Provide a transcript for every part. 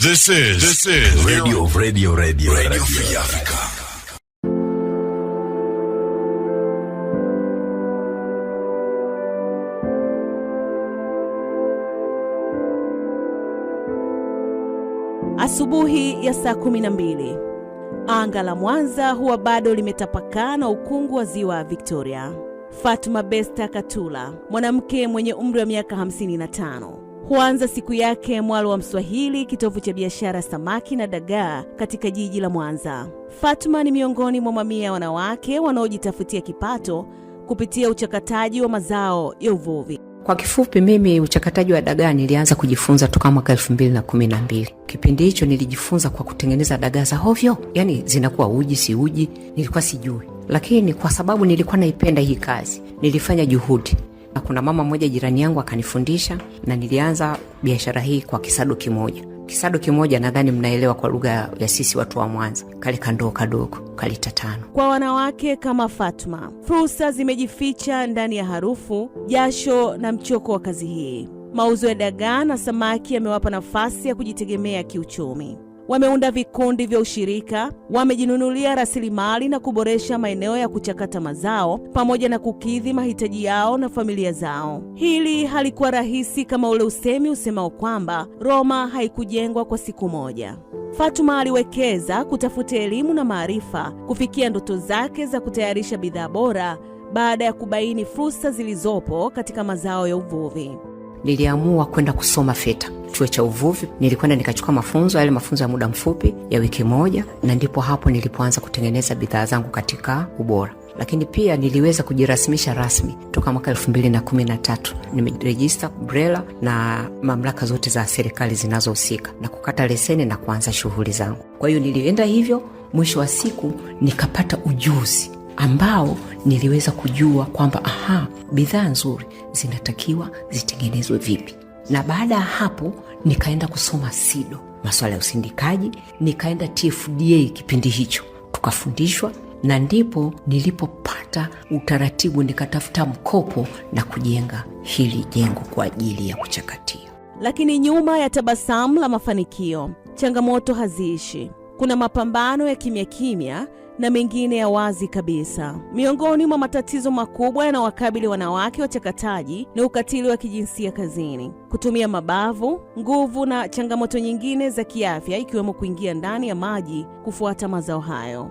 This is This is Radio Radio Radio Radio Free Africa. Asubuhi ya saa 12. Anga la Mwanza huwa bado limetapakaa na ukungu wa ziwa Victoria. Fatuma Besta Katula, mwanamke mwenye umri wa miaka 55 huanza siku yake mwalo wa Mswahili, kitovu cha biashara samaki na dagaa katika jiji la Mwanza. Fatma ni miongoni mwa mamia ya wanawake wanaojitafutia kipato kupitia uchakataji wa mazao ya uvuvi. Kwa kifupi, mimi uchakataji wa dagaa nilianza kujifunza toka mwaka elfu mbili na kumi na mbili. Kipindi hicho nilijifunza kwa kutengeneza dagaa za hovyo, yani zinakuwa uji si uji, nilikuwa sijui, lakini kwa sababu nilikuwa naipenda hii kazi, nilifanya juhudi na kuna mama mmoja jirani yangu akanifundisha, na nilianza biashara hii kwa kisado kimoja. Kisado kimoja nadhani mnaelewa kwa lugha ya sisi watu wa Mwanza, kale kandoo kadogo kalita tano. Kwa wanawake kama Fatma, fursa zimejificha ndani ya harufu, jasho na mchoko wa kazi hii. Mauzo ya dagaa na samaki yamewapa nafasi ya kujitegemea kiuchumi wameunda vikundi vya ushirika, wamejinunulia rasilimali na kuboresha maeneo ya kuchakata mazao pamoja na kukidhi mahitaji yao na familia zao. Hili halikuwa rahisi kama ule usemi usemao kwamba Roma haikujengwa kwa siku moja. Fatuma aliwekeza kutafuta elimu na maarifa kufikia ndoto zake za kutayarisha bidhaa bora baada ya kubaini fursa zilizopo katika mazao ya uvuvi niliamua kwenda kusoma feta chuo cha uvuvi. Nilikwenda nikachukua mafunzo, yale mafunzo ya muda mfupi ya wiki moja, na ndipo hapo nilipoanza kutengeneza bidhaa zangu katika ubora lakini pia niliweza kujirasimisha rasmi toka mwaka elfu mbili na kumi na tatu. Nimerejista BRELA na mamlaka zote za serikali zinazohusika na kukata leseni na kuanza shughuli zangu. Kwa hiyo nilienda hivyo, mwisho wa siku nikapata ujuzi ambao niliweza kujua kwamba aha, bidhaa nzuri zinatakiwa zitengenezwe vipi. Na baada ya hapo nikaenda kusoma SIDO, maswala ya usindikaji, nikaenda TFDA kipindi hicho tukafundishwa, na ndipo nilipopata utaratibu, nikatafuta mkopo na kujenga hili jengo kwa ajili ya kuchakatia. Lakini nyuma ya tabasamu la mafanikio, changamoto haziishi. Kuna mapambano ya kimya kimya na mengine ya wazi kabisa. Miongoni mwa matatizo makubwa yanayowakabili wanawake wachakataji ni ukatili wa kijinsia kazini, kutumia mabavu, nguvu na changamoto nyingine za kiafya, ikiwemo kuingia ndani ya maji kufuata mazao hayo.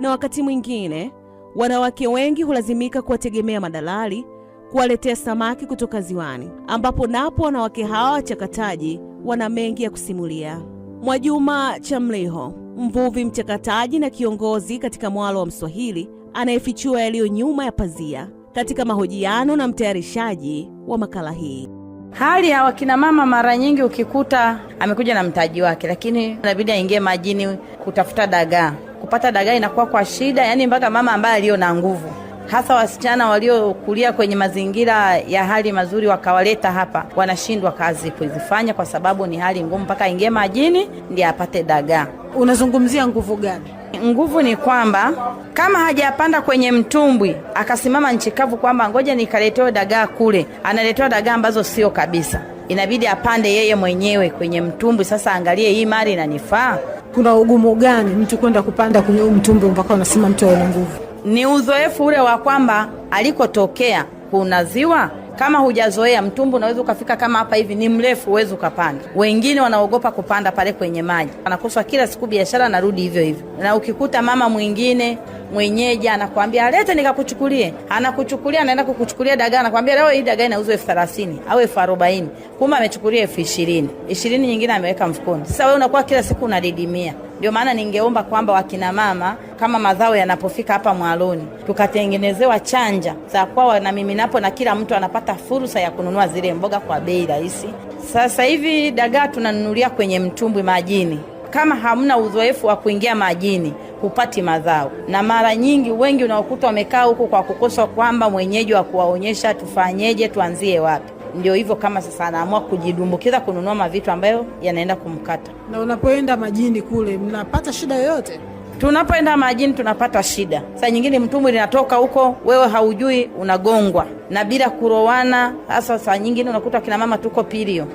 Na wakati mwingine wanawake wengi hulazimika kuwategemea madalali kuwaletea samaki kutoka ziwani, ambapo napo wanawake hawa wachakataji wana mengi ya kusimulia. Mwajuma Chamliho mvuvi mchakataji na kiongozi katika mwalo wa Mswahili anayefichua yaliyo nyuma ya pazia katika mahojiano na mtayarishaji wa makala hii. Hali ya wakina mama mara nyingi ukikuta amekuja na mtaji wake, lakini inabidi aingie majini kutafuta dagaa. Kupata dagaa inakuwa kwa shida, yani mpaka mama ambaye aliyo na nguvu hasa wasichana waliokulia kwenye mazingira ya hali mazuri, wakawaleta hapa, wanashindwa kazi kuzifanya kwa sababu ni hali ngumu, mpaka aingie majini ndiye apate dagaa. Unazungumzia nguvu gani? Nguvu ni kwamba kama hajapanda kwenye mtumbwi akasimama nchi kavu, kwamba ngoja nikaletewe dagaa kule, analetewa dagaa ambazo sio kabisa, inabidi apande yeye mwenyewe kwenye mtumbwi. Sasa angalie hii mali inanifaa. Kuna ugumu gani mtu kwenda kupanda kwenye mtumbwi mpaka unasema mtu aone nguvu? ni uzoefu ule wa kwamba alikotokea kuna ziwa kama hujazoea mtumbu unaweza ukafika kama hapa hivi, ni mrefu, uwezi ukapanda. Wengine wanaogopa kupanda pale kwenye maji, anakoswa kila siku biashara, narudi hivyo hivyo. Na ukikuta mama mwingine mwenyeji anakwambia lete nikakuchukulie, anakuchukulia, anaenda kukuchukulia dagaa, anakwambia leo hii dagaa inauzwa elfu thelathini au elfu arobaini kumbe amechukulia elfu ishirini ishirini nyingine ameweka mfukoni. Sasa wewe unakuwa kila siku unadidimia. Ndio maana ningeomba kwamba wakina mama kama mazao yanapofika hapa Mwaloni tukatengenezewa chanja za kwawa na napo na kila mtu anapata fursa ya kununua zile mboga kwa bei rahisi. Sasa hivi dagaa tunanunulia kwenye mtumbwi majini. Kama hamna uzoefu wa kuingia majini hupati mazao, na mara nyingi wengi unaokuta wamekaa huku kwa kukosa kwamba mwenyeji wa kuwaonyesha tufanyeje, tuanzie wapi ndio hivyo, kama sasa anaamua kujidumbukiza kununua mavitu ambayo yanaenda kumkata. Na unapoenda majini kule, mnapata shida yoyote? Tunapoenda majini tunapata shida. Saa nyingine mtumbwi linatoka huko, wewe haujui, unagongwa na bila kurowana. Hasa saa nyingine unakuta kina mama tuko pilio,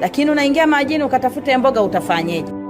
lakini unaingia majini ukatafute mboga, utafanyeje?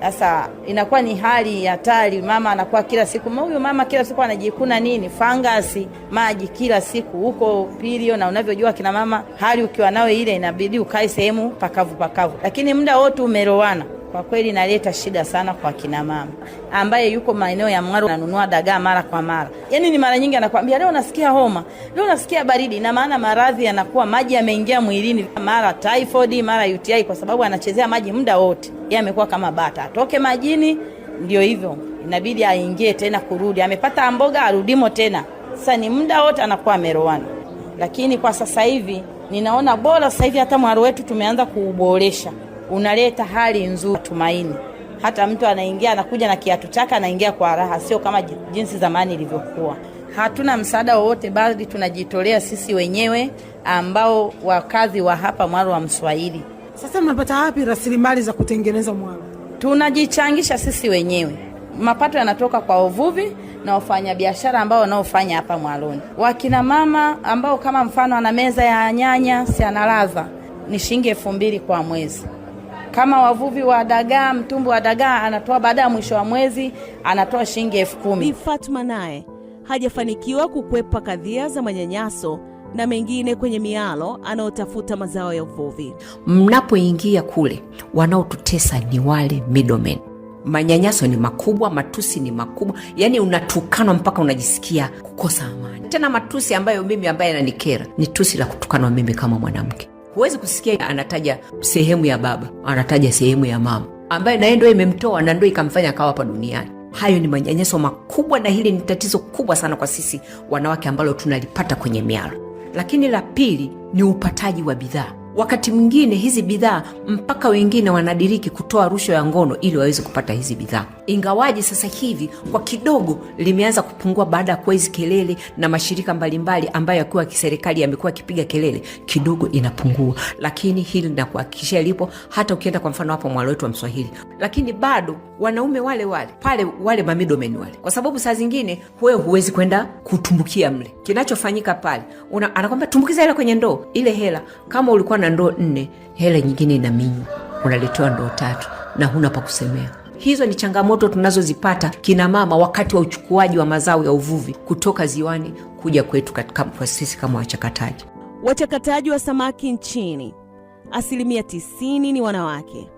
Sasa inakuwa ni hali hatari, mama anakuwa kila siku, huyu mama kila siku anajikuna nini, fangasi, maji kila siku huko pilio, na unavyojua kina mama hali ukiwa nayo ile, inabidi ukae sehemu pakavu pakavu, lakini muda wote umeroana kwa kweli naleta shida sana kwa kina mama ambaye yuko maeneo ya Mwaro ananunua dagaa mara kwa mara. Yaani ni mara nyingi anakwambia leo nasikia homa, leo nasikia baridi, na maana maradhi yanakuwa maji yameingia mwilini, mara typhoid, mara UTI, kwa sababu anachezea maji muda wote. Yeye amekuwa kama bata, atoke majini, ndio hivyo, inabidi aingie tena kurudi. Amepata mboga, arudimo tena. Sasa ni muda wote anakuwa ameroana lakini kwa sasa hivi ninaona bora sasa hivi hata Mwaro wetu tumeanza kuuboresha unaleta hali nzuri, tumaini. Hata mtu anaingia anakuja na kiatu chake, anaingia kwa raha, sio kama jinsi zamani ilivyokuwa. Hatuna msaada wowote, bali tunajitolea sisi wenyewe ambao wakazi wa hapa mwalo wa Mswahili. Sasa mnapata wapi rasilimali za kutengeneza mwaro? Tunajichangisha sisi wenyewe. Mapato yanatoka kwa uvuvi na wafanyabiashara ambao wanaofanya hapa mwaloni. Wakina mama ambao kama mfano ana meza ya nyanya si analaza, ni shilingi elfu mbili kwa mwezi. Kama wavuvi wa dagaa, mtumbu wa dagaa anatoa baada ya mwisho wa mwezi anatoa shilingi elfu kumi. Bi Fatma naye hajafanikiwa kukwepa kadhia za manyanyaso na mengine kwenye mialo anaotafuta mazao ya uvuvi. Mnapoingia kule, wanaotutesa ni wale midomen Manyanyaso ni makubwa, matusi ni makubwa, yaani unatukanwa mpaka unajisikia kukosa amani. Tena matusi ambayo mimi ambaye yananikera ni tusi la kutukanwa mimi kama mwanamke. Huwezi kusikia anataja sehemu ya baba, anataja sehemu ya mama ambaye naye ndo imemtoa na ndo ikamfanya akawa hapa duniani. Hayo ni manyanyeso makubwa, na hili ni tatizo kubwa sana kwa sisi wanawake ambalo tunalipata kwenye mialo. Lakini la pili ni upataji wa bidhaa Wakati mwingine hizi bidhaa mpaka wengine wanadiriki kutoa rushwa ya ngono ili waweze kupata hizi bidhaa, ingawaji sasa hivi kwa kidogo limeanza kupungua baada ya kuwa hizi kelele na mashirika mbalimbali ambayo yakiwa kiserikali yamekuwa akipiga kelele, kidogo inapungua, lakini hili nakuhakikishia lipo. Hata ukienda kwa mfano hapo mwalo wetu wa Mswahili, lakini bado wanaume wale wale pale wale mamidomeni wale, kwa sababu saa zingine wewe huwezi kwenda kutumbukia mle. Kinachofanyika pale anakwambia tumbukiza hela kwenye ndoo, ile hela kama ulikuwa na ndoo nne, hela nyingine inaminywa, unaletewa ndoo tatu na huna pa kusemea. Hizo ni changamoto tunazozipata kinamama wakati wa uchukuaji wa mazao ya uvuvi kutoka ziwani kuja kwetu kwa sisi kama wachakataji. Wachakataji wa samaki nchini asilimia 90 ni wanawake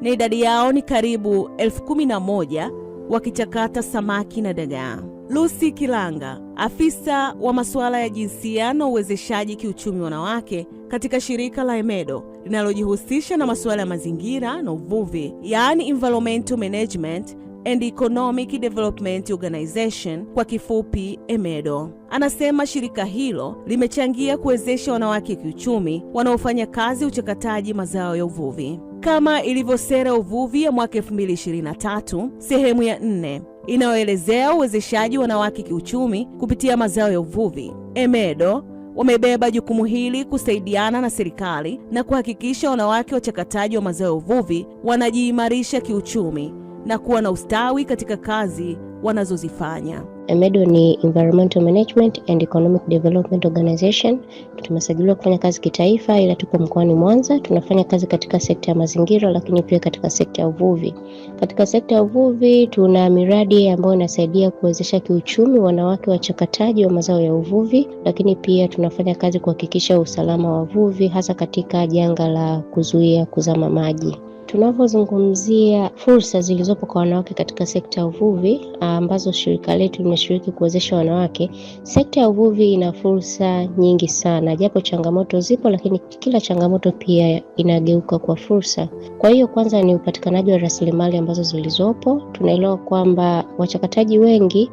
na idadi yao ni karibu elfu kumi na moja wakichakata samaki na dagaa. Lucy Kilanga, afisa wa masuala ya jinsia na uwezeshaji kiuchumi wanawake katika shirika la EMEDO linalojihusisha na masuala ya mazingira na uvuvi, yaani Environmental Management and Economic Development Organization kwa kifupi EMEDO. Anasema shirika hilo limechangia kuwezesha wanawake kiuchumi wanaofanya kazi uchakataji mazao ya uvuvi kama ilivyo sera uvuvi ya mwaka 2023 sehemu ya nne inayoelezea uwezeshaji wanawake kiuchumi kupitia mazao ya uvuvi. EMEDO wamebeba jukumu hili kusaidiana na serikali na kuhakikisha wanawake wachakataji wa mazao ya uvuvi wanajiimarisha kiuchumi na kuwa na ustawi katika kazi wanazozifanya. EMEDO ni Environmental Management and Economic Development Organization. Tumesajiliwa kufanya kazi kitaifa, ila tuko mkoani Mwanza. Tunafanya kazi katika sekta ya mazingira, lakini pia katika sekta ya uvuvi. Katika sekta ya uvuvi tuna miradi ambayo inasaidia kuwezesha kiuchumi wanawake wachakataji wa mazao ya uvuvi, lakini pia tunafanya kazi kuhakikisha usalama wa wavuvi, hasa katika janga la kuzuia kuzama maji. Tunapozungumzia fursa zilizopo kwa wanawake katika sekta ya uvuvi ambazo shirika letu limeshiriki kuwezesha wanawake, sekta ya uvuvi ina fursa nyingi sana, japo changamoto zipo, lakini kila changamoto pia inageuka kwa fursa. Kwa hiyo, kwanza ni upatikanaji wa rasilimali ambazo zilizopo. Tunaelewa kwamba wachakataji wengi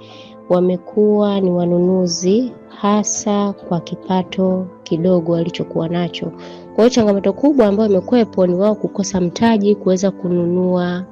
wamekuwa ni wanunuzi hasa kwa kipato kidogo walichokuwa nacho. Kwa hiyo changamoto kubwa ambayo imekuwepo ni wao kukosa mtaji kuweza kununua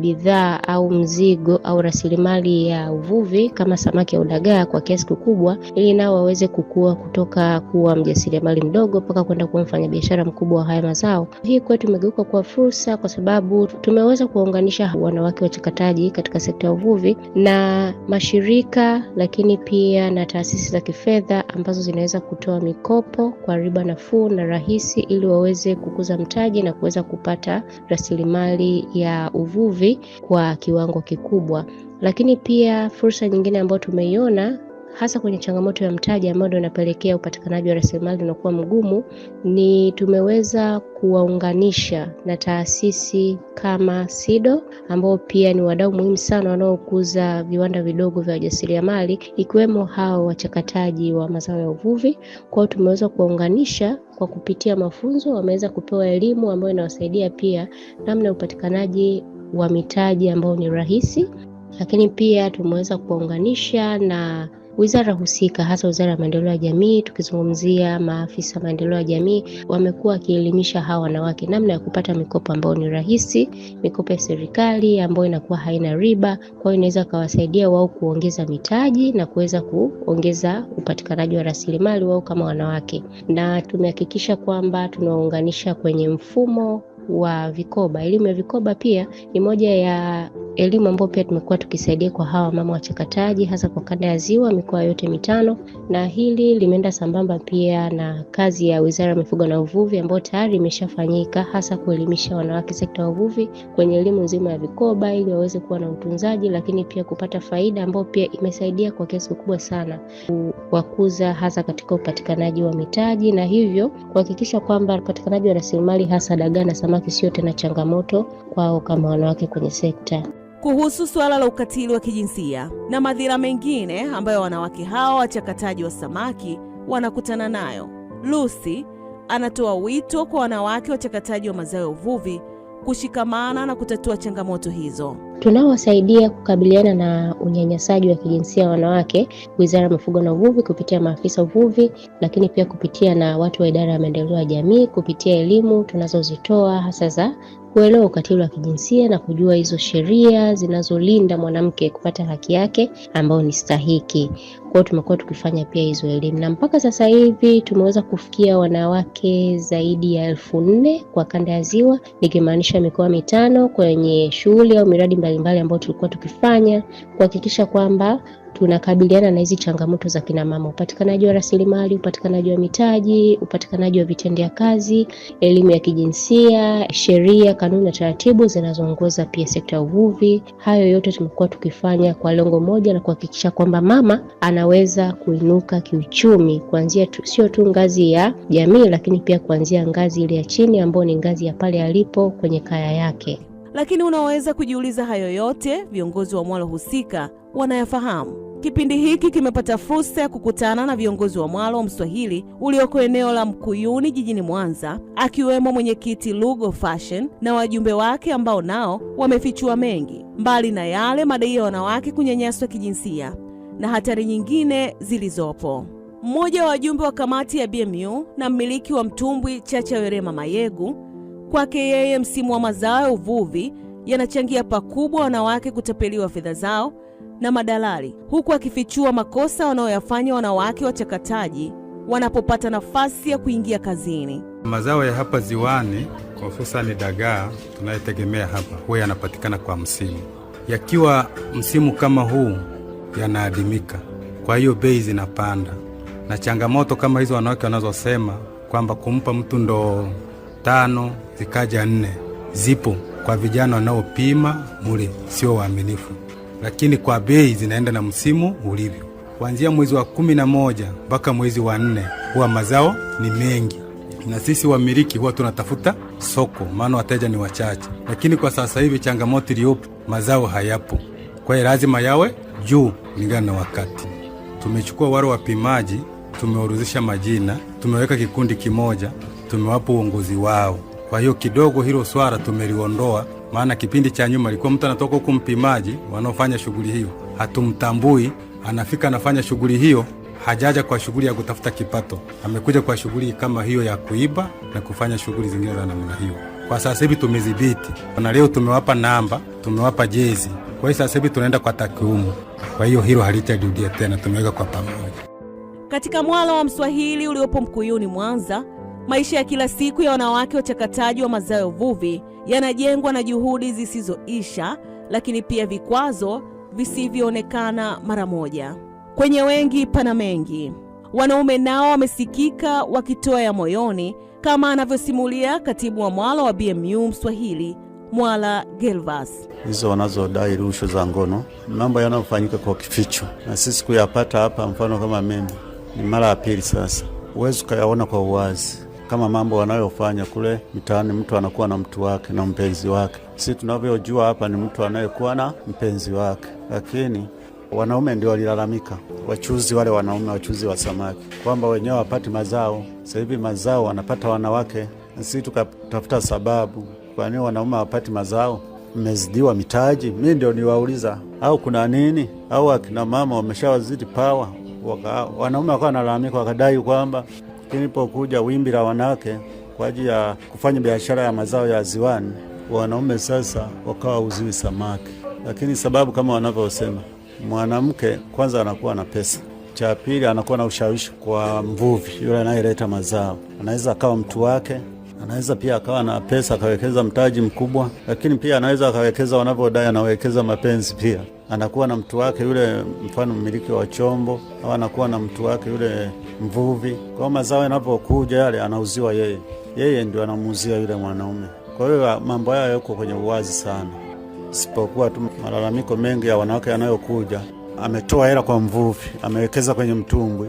bidhaa au mzigo au rasilimali ya uvuvi kama samaki au dagaa kwa kiasi kikubwa, ili nao waweze kukua kutoka kuwa mjasiriamali mdogo mpaka kwenda kuwa mfanyabiashara mkubwa wa haya mazao. Hii kwetu imegeuka kuwa fursa, kwa sababu tumeweza kuwaunganisha wanawake wachakataji katika sekta ya uvuvi na mashirika, lakini pia na taasisi za kifedha ambazo zinaweza kutoa mikopo kwa riba nafuu na rahisi, ili waweze kukuza mtaji na kuweza kupata rasilimali ya uvuvi umri kwa kiwango kikubwa. Lakini pia fursa nyingine ambayo tumeiona hasa kwenye changamoto ya mtaji ambayo ndio inapelekea upatikanaji wa rasilimali unakuwa mgumu, ni tumeweza kuwaunganisha na taasisi kama SIDO ambao pia ni wadau muhimu sana wanaokuza viwanda vidogo vya wajasiriamali, ikiwemo hao wachakataji wa mazao ya uvuvi. Kwao tumeweza kuwaunganisha kwa kupitia mafunzo, wameweza kupewa elimu ambayo inawasaidia pia namna ya upatikanaji wa mitaji ambao ni rahisi, lakini pia tumeweza kuwaunganisha na wizara husika hasa wizara ya maendeleo ya jamii. Tukizungumzia maafisa maendeleo ya jamii, wamekuwa wakielimisha hawa wanawake namna ya kupata mikopo ambayo ni rahisi, mikopo ya serikali ambayo inakuwa haina riba, kwa hiyo inaweza kawasaidia wao kuongeza mitaji na kuweza kuongeza upatikanaji wa rasilimali wao kama wanawake, na tumehakikisha kwamba tunawaunganisha kwenye mfumo wa vikoba. Elimu ya vikoba pia ni moja ya elimu ambayo pia tumekuwa tukisaidia kwa hawa mama wachakataji, hasa kwa kanda ya Ziwa, mikoa yote mitano, na hili limeenda sambamba pia na kazi ya Wizara ya Mifugo na Uvuvi ambayo tayari imeshafanyika, hasa kuelimisha wanawake sekta ya uvuvi kwenye elimu nzima ya vikoba, ili waweze kuwa na utunzaji, lakini pia kupata faida ambayo pia imesaidia kwa kiasi kikubwa sana kuwakuza, hasa katika upatikanaji wa mitaji na hivyo kuhakikisha kwamba upatikanaji wa rasilimali hasa dagaa na samaki kwamba kisio tena changamoto kwao kama wanawake kwenye sekta. Kuhusu suala la ukatili wa kijinsia na madhira mengine ambayo wanawake hawa wachakataji wa samaki wanakutana nayo, Lucy anatoa wito kwa wanawake wachakataji wa mazao ya uvuvi kushikamana na kutatua changamoto hizo. Tunaowasaidia kukabiliana na unyanyasaji wa kijinsia wanawake, Wizara ya Mifugo na Uvuvi kupitia maafisa uvuvi, lakini pia kupitia na watu wa idara ya maendeleo ya jamii kupitia elimu tunazozitoa hasa za kuelewa ukatili wa kijinsia na kujua hizo sheria zinazolinda mwanamke kupata haki yake ambayo ni stahiki. Kwa tumekuwa tukifanya pia hizo elimu, na mpaka sasa hivi tumeweza kufikia wanawake zaidi ya elfu nne kwa kanda ya Ziwa, nikimaanisha mikoa mitano, kwenye shughuli au miradi mbalimbali ambayo tulikuwa tukifanya kuhakikisha kwamba tunakabiliana na hizi changamoto za kinamama: upatikanaji wa rasilimali, upatikanaji wa mitaji, upatikanaji wa vitendea kazi, elimu ya kijinsia, sheria, kanuni na taratibu zinazoongoza pia sekta ya uvuvi. Hayo yote tumekuwa tukifanya kwa lengo moja la kuhakikisha kwamba mama anaweza kuinuka kiuchumi kuanzia tu, sio tu ngazi ya jamii, lakini pia kuanzia ngazi ile ya chini ambayo ni ngazi ya pale alipo kwenye kaya yake. Lakini unaweza kujiuliza, hayo yote viongozi wa mwalo husika wanayafahamu. Kipindi hiki kimepata fursa ya kukutana na viongozi wa mwalo wa Mswahili ulioko eneo la Mkuyuni jijini Mwanza, akiwemo mwenyekiti Lugo Fashion na wajumbe wake ambao nao wamefichua mengi, mbali na yale madai ya wanawake kunyanyaswa kijinsia na hatari nyingine zilizopo. Mmoja wa wajumbe wa kamati ya BMU na mmiliki wa mtumbwi Chacha Werema Mayegu Kwake yeye, msimu wa mazao ya uvuvi yanachangia pakubwa wanawake kutapeliwa fedha zao na madalali, huku akifichua makosa wanaoyafanya wanawake wachakataji wanapopata nafasi ya kuingia kazini. Mazao ya hapa ziwani, hususani dagaa tunayotegemea hapa, huwa yanapatikana kwa msimu. Yakiwa msimu kama huu, yanaadimika, kwa hiyo bei zinapanda, na changamoto kama hizo wanawake wanazosema kwamba kumpa mtu ndoo tano zikaja nne. Zipo kwa vijana wanaopima mule sio waaminifu, lakini kwa bei zinaenda na msimu ulivyo. Kuanzia mwezi wa kumi na moja mpaka mwezi wa nne huwa mazao ni mengi, na sisi wamiliki huwa tunatafuta soko, maana wateja ni wachache. Lakini kwa sasa hivi changamoto iliyopo, mazao hayapo, kwa hiyo lazima yawe juu kulingana na wakati. Tumechukua wale wapimaji, tumeoruzisha majina, tumeweka kikundi kimoja, tumewapa uongozi wao kwa hiyo kidogo hilo swala tumeliondoa, maana kipindi cha nyuma alikuwa mtu anatoka huku mpimaji, wanaofanya shughuli hiyo hatumtambui, anafika anafanya shughuli hiyo hajaja kwa shughuli ya kutafuta kipato, amekuja kwa shughuli kama hiyo ya kuiba na kufanya shughuli zingine za namna hiyo. Kwa sasa hivi tumedhibiti, na leo tumewapa namba, tumewapa jezi. Kwa hiyo sasa hivi tunaenda kwa takiumu, Kwa hiyo hilo halitajudia tena, tumeweka kwa pamoja katika mwala wa Mswahili uliopo Mkuyuni Mwanza. Maisha ya kila siku ya wanawake wachakataji wa mazao ya uvuvi yanajengwa na juhudi zisizoisha, lakini pia vikwazo visivyoonekana mara moja. Kwenye wengi pana mengi. Wanaume nao wamesikika wakitoa ya moyoni, kama anavyosimulia katibu wa mwala wa BMU Mswahili Mwala Gelvas. Hizo wanazodai rushwa za ngono, mambo yanayofanyika kwa kificho, na sisi kuyapata hapa, mfano kama mimi ni mara ya pili sasa, huwezi ukayaona kwa uwazi kama mambo wanayofanya kule mtaani. mtu anakuwa na mtu wake na mpenzi wake. Si tunavyojua hapa ni mtu anayekuwa na mpenzi wake, lakini wanaume ndio walilalamika, wachuzi wale wanaume, wachuzi wa samaki, kwamba wenyewe wapati mazao. Sasa hivi mazao wanapata wanawake, si tukatafuta sababu kwa nini wanaume wapati mazao? Mmezidiwa mitaji? Mi ndio niwauliza, au kuna nini? Au akina mama wameshawazidi pawa? Wanaume wakawa wanalalamika, wakadai kwamba Ilipokuja wimbi la wanawake kwa ajili ya kufanya biashara ya mazao ya ziwani, wanaume sasa wakawa hawauziwi samaki, lakini sababu kama wanavyosema, mwanamke kwanza anakuwa na pesa, cha pili anakuwa na ushawishi kwa mvuvi yule anayeleta mazao, anaweza akawa mtu wake anaweza pia akawa na pesa akawekeza mtaji mkubwa, lakini pia anaweza akawekeza, wanavyodai anawekeza mapenzi pia. Anakuwa na mtu wake yule, mfano mmiliki wa chombo, au anakuwa na mtu wake yule mvuvi. Kwa mazao yanapokuja yale anauziwa yeye, yeye ndio anamuuzia yule mwanaume. Kwa hiyo mambo hayo yako kwenye uwazi sana, isipokuwa tu malalamiko mengi ya wanawake yanayokuja, ametoa hela kwa mvuvi, amewekeza kwenye mtumbwi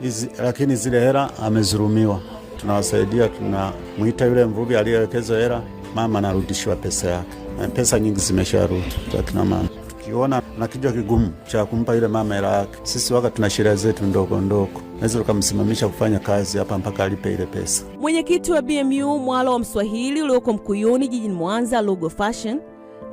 hizi, lakini zile hela amezurumiwa Tunawasaidia, tunamwita yule mvuvi aliyewekeza hela, mama anarudishiwa pesa yake, pesa nyingi zimesharudi kwa kina mama ona na kichwa kigumu cha kumpa yule mama hela yake. Sisi waka tuna sheria zetu ndogo ndogo, naweza tukamsimamisha kufanya kazi hapa mpaka alipe ile pesa. Mwenyekiti wa BMU mwalo wa Mswahili ulioko Mkuyuni jijini Mwanza, Lugo Fashion,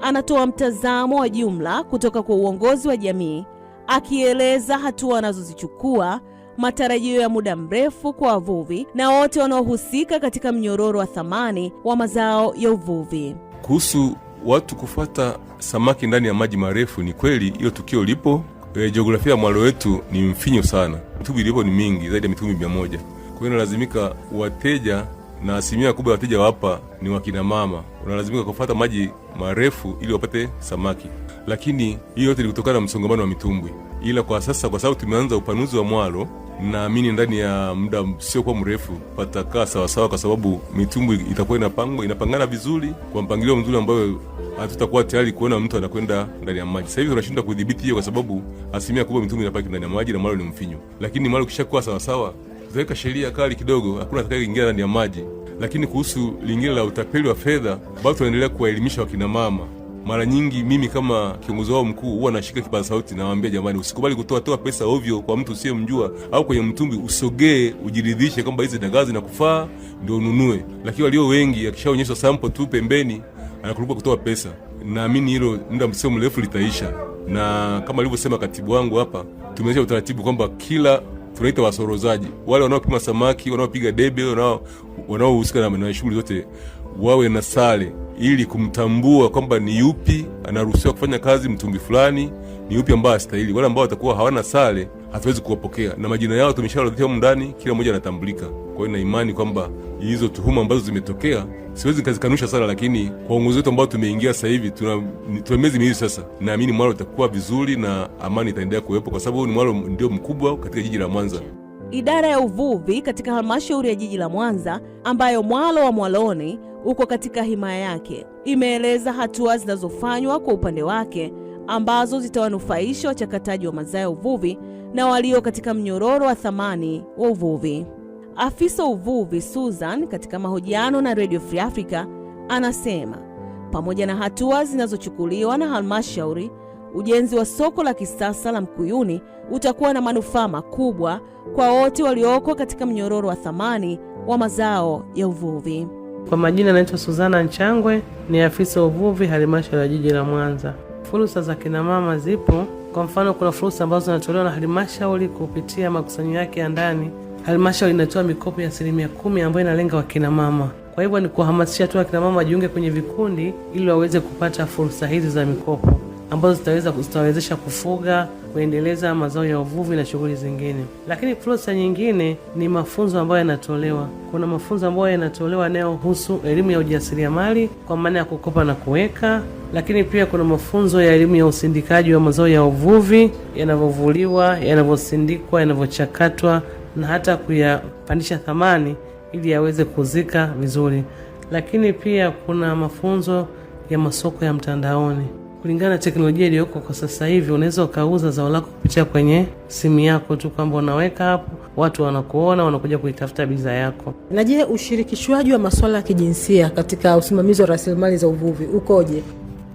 anatoa mtazamo wa jumla kutoka kwa uongozi wa jamii, akieleza hatua anazozichukua matarajio ya muda mrefu kwa wavuvi na wote wanaohusika katika mnyororo wa thamani wa mazao ya uvuvi. Kuhusu watu kufata samaki ndani ya maji marefu, ni kweli hiyo tukio lipo. E, jiografia ya mwalo wetu ni mfinyo sana, mitumbwi ilipo ni mingi zaidi ya mitumbwi mia moja. Kwa hiyo inalazimika wateja na asilimia kubwa ya wateja wapa ni wakina mama, wanalazimika kufata maji marefu ili wapate samaki, lakini hiyo yote ni kutokana na msongamano wa mitumbwi. Ila kwa sasa, kwa sababu tumeanza upanuzi wa mwalo naamini ndani ya muda siokuwa mrefu patakaa sawasawa, kwa sababu mitumbu itakuwa inapangwa inapangana vizuri kwa mpangilio mzuri ambayo hatutakuwa tayari kuona mtu anakwenda ndani ya maji. Sasa hivi tunashindwa kudhibiti hiyo, kwa sababu asilimia kubwa mitumbu inapaki ndani ya maji na mwalo ni mfinyo, lakini mwalo ukishakuwa sawasawa, tutaweka sheria kali kidogo, hakuna atakayeingia ndani ya maji. Lakini kuhusu lingine la utapeli wa fedha, bado tunaendelea kuwaelimisha wakinamama mara nyingi mimi kama kiongozi wao mkuu huwa nashika kipaza sauti, nawaambia jamani, usikubali kutoa toa pesa ovyo kwa mtu usiyemjua au kwenye mtumbi Usogee ujiridhishe kwamba hizi dagaa zinakufaa ndio ununue, lakini walio wengi akishaonyeshwa sample tu pembeni anakuruka kutoa pesa. Naamini hilo muda msio mrefu litaisha, na kama alivyosema katibu wangu hapa, tumeanzisha utaratibu kwamba kila tunaita wasorozaji wale wanaopima samaki, wanaopiga debe, wanaohusika na shughuli zote wawe na sare ili kumtambua kwamba ni yupi anaruhusiwa kufanya kazi mtumbi fulani, ni yupi ambaye astahili. Wale ambao watakuwa hawana sare hatuwezi kuwapokea, na majina yao tumeshaorodhesha humu ndani, kila mmoja anatambulika. Kwa hiyo na imani kwamba hizo tuhuma ambazo zimetokea siwezi nikazikanusha sana, lakini kwa uongozi wetu ambao tumeingia sasa hivi, tuna, tuna miezi miwili sasa, naamini mwalo utakuwa vizuri na amani itaendelea kuwepo, kwa sababu ni mwalo ndio mkubwa katika jiji la Mwanza. Idara ya uvuvi katika halmashauri ya jiji la Mwanza ambayo mwalo wa Mwaloni uko katika himaya yake. Imeeleza hatua zinazofanywa kwa upande wake ambazo zitawanufaisha wachakataji wa mazao ya uvuvi na walio katika mnyororo wa thamani wa uvuvi. Afisa uvuvi Susan, katika mahojiano na Radio Free Africa, anasema pamoja na hatua zinazochukuliwa na halmashauri, ujenzi wa soko la kisasa la Mkuyuni utakuwa na manufaa makubwa kwa wote walioko katika mnyororo wa thamani wa mazao ya uvuvi. Kwa majina anaitwa Suzana Nchangwe, ni afisa uvuvi halmashauri ya jiji la Mwanza. Fursa za kinamama zipo. Kwa mfano, kuna fursa ambazo zinatolewa na halmashauri kupitia makusanyo yake ya ndani. Halmashauri inatoa mikopo ya asilimia kumi ambayo inalenga wakinamama. Kwa hivyo ni kuhamasisha tu wakinamama wajiunge kwenye vikundi ili waweze kupata fursa hizi za mikopo ambazo zitawezesha kufuga, kuendeleza mazao ya uvuvi na shughuli zingine. Lakini fursa nyingine ni mafunzo ambayo yanatolewa. Kuna mafunzo ambayo yanatolewa yanayohusu elimu ya ujasiriamali kwa maana ya kukopa na kuweka, lakini pia kuna mafunzo ya elimu ya usindikaji wa mazao ya uvuvi, yanavyovuliwa, yanavyosindikwa, yanavyochakatwa na hata kuyapandisha thamani ili yaweze kuzika vizuri. Lakini pia kuna mafunzo ya masoko ya mtandaoni kulingana na teknolojia iliyoko kwa sasa hivi, unaweza ukauza zao lako kupitia kwenye simu yako tu, kwamba unaweka hapo, watu wanakuona, wanakuja kuitafuta bidhaa yako. Na je, ushirikishwaji wa masuala ya kijinsia katika usimamizi wa rasilimali za uvuvi ukoje?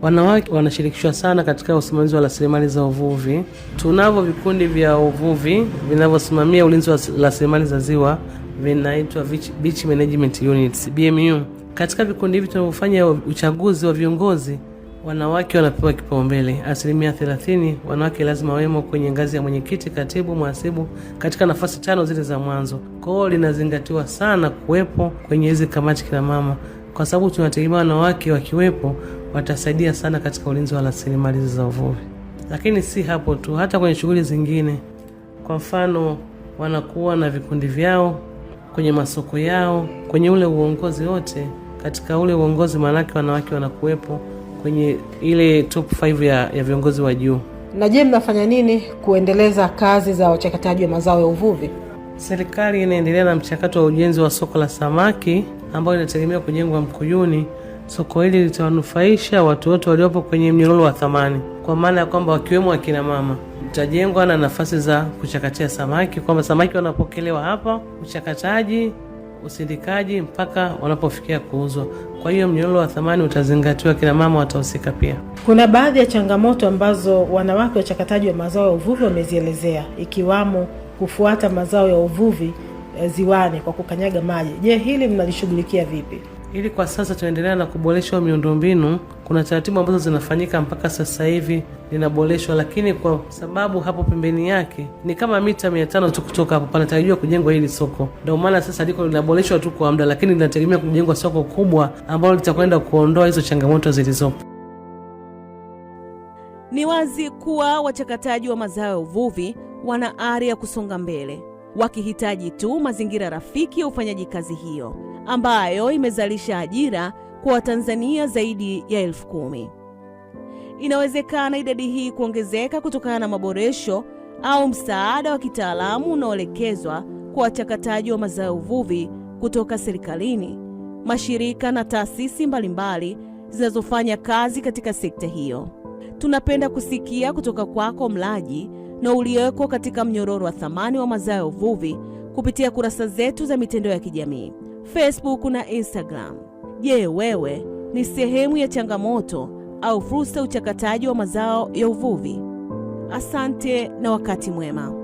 Wanawake wanashirikishwa sana katika usimamizi wa rasilimali za uvuvi. Tunavyo vikundi vya uvuvi vinavyosimamia ulinzi wa rasilimali za ziwa, vinaitwa Beach Management Units, BMU. Katika vikundi hivi tunavyofanya uchaguzi wa viongozi Wanawake wanapewa kipaumbele asilimia thelathini. Wanawake lazima wemo kwenye ngazi ya mwenyekiti, katibu, mhasibu katika nafasi tano zile za mwanzo. Kwao linazingatiwa sana kuwepo kwenye hizi kamati kina mama, kwa sababu tunategemea wanawake wakiwepo watasaidia sana katika ulinzi wa rasilimali hizi za uvuvi. Lakini si hapo tu, hata kwenye shughuli zingine. Kwa mfano, wanakuwa na vikundi vyao kwenye masoko yao, kwenye ule uongozi wote. Katika ule uongozi, maanake wanawake wanakuwepo kwenye ile top 5 ya, ya viongozi wa juu. Na je, mnafanya nini kuendeleza kazi za uchakataji wa mazao ya uvuvi? Serikali inaendelea na mchakato wa ujenzi wa soko la samaki ambayo inategemea kujengwa Mkuyuni. Soko hili litawanufaisha watu wote waliopo kwenye mnyororo wa thamani, kwa maana ya kwamba wakiwemo akina mama. Itajengwa na nafasi za kuchakatia samaki, kwamba samaki wanapokelewa hapa uchakataji usindikaji mpaka wanapofikia kuuzwa. Kwa hiyo mnyororo wa thamani utazingatiwa, kina mama watahusika pia. Kuna baadhi ya changamoto ambazo wanawake wachakataji wa mazao ya uvuvi wamezielezea, ikiwamo kufuata mazao ya uvuvi eh, ziwani kwa kukanyaga maji. Je, hili mnalishughulikia vipi? Ili kwa sasa tunaendelea na kuboresha miundombinu. Kuna taratibu ambazo zinafanyika mpaka sasa hivi linaboreshwa, lakini kwa sababu hapo pembeni yake ni kama mita mia tano tu kutoka hapo panatarajiwa kujengwa hili soko, ndio maana sasa liko linaboreshwa tu kwa muda, lakini linategemea kujengwa soko kubwa ambalo litakwenda kuondoa hizo changamoto zilizopo. Ni wazi kuwa wachakataji wa mazao ya uvuvi wana ari ya kusonga mbele, wakihitaji tu mazingira rafiki ya ufanyaji kazi hiyo ambayo imezalisha ajira kwa Watanzania zaidi ya elfu kumi. Inawezekana idadi hii kuongezeka kutokana na maboresho au msaada wa kitaalamu unaoelekezwa kwa wachakataji wa mazao ya uvuvi kutoka serikalini, mashirika na taasisi mbalimbali zinazofanya kazi katika sekta hiyo. Tunapenda kusikia kutoka kwako mlaji na uliyeko katika mnyororo wa thamani wa mazao ya uvuvi kupitia kurasa zetu za mitandao ya kijamii. Facebook na Instagram. Je, wewe ni sehemu ya changamoto au fursa uchakataji wa mazao ya uvuvi? Asante na wakati mwema.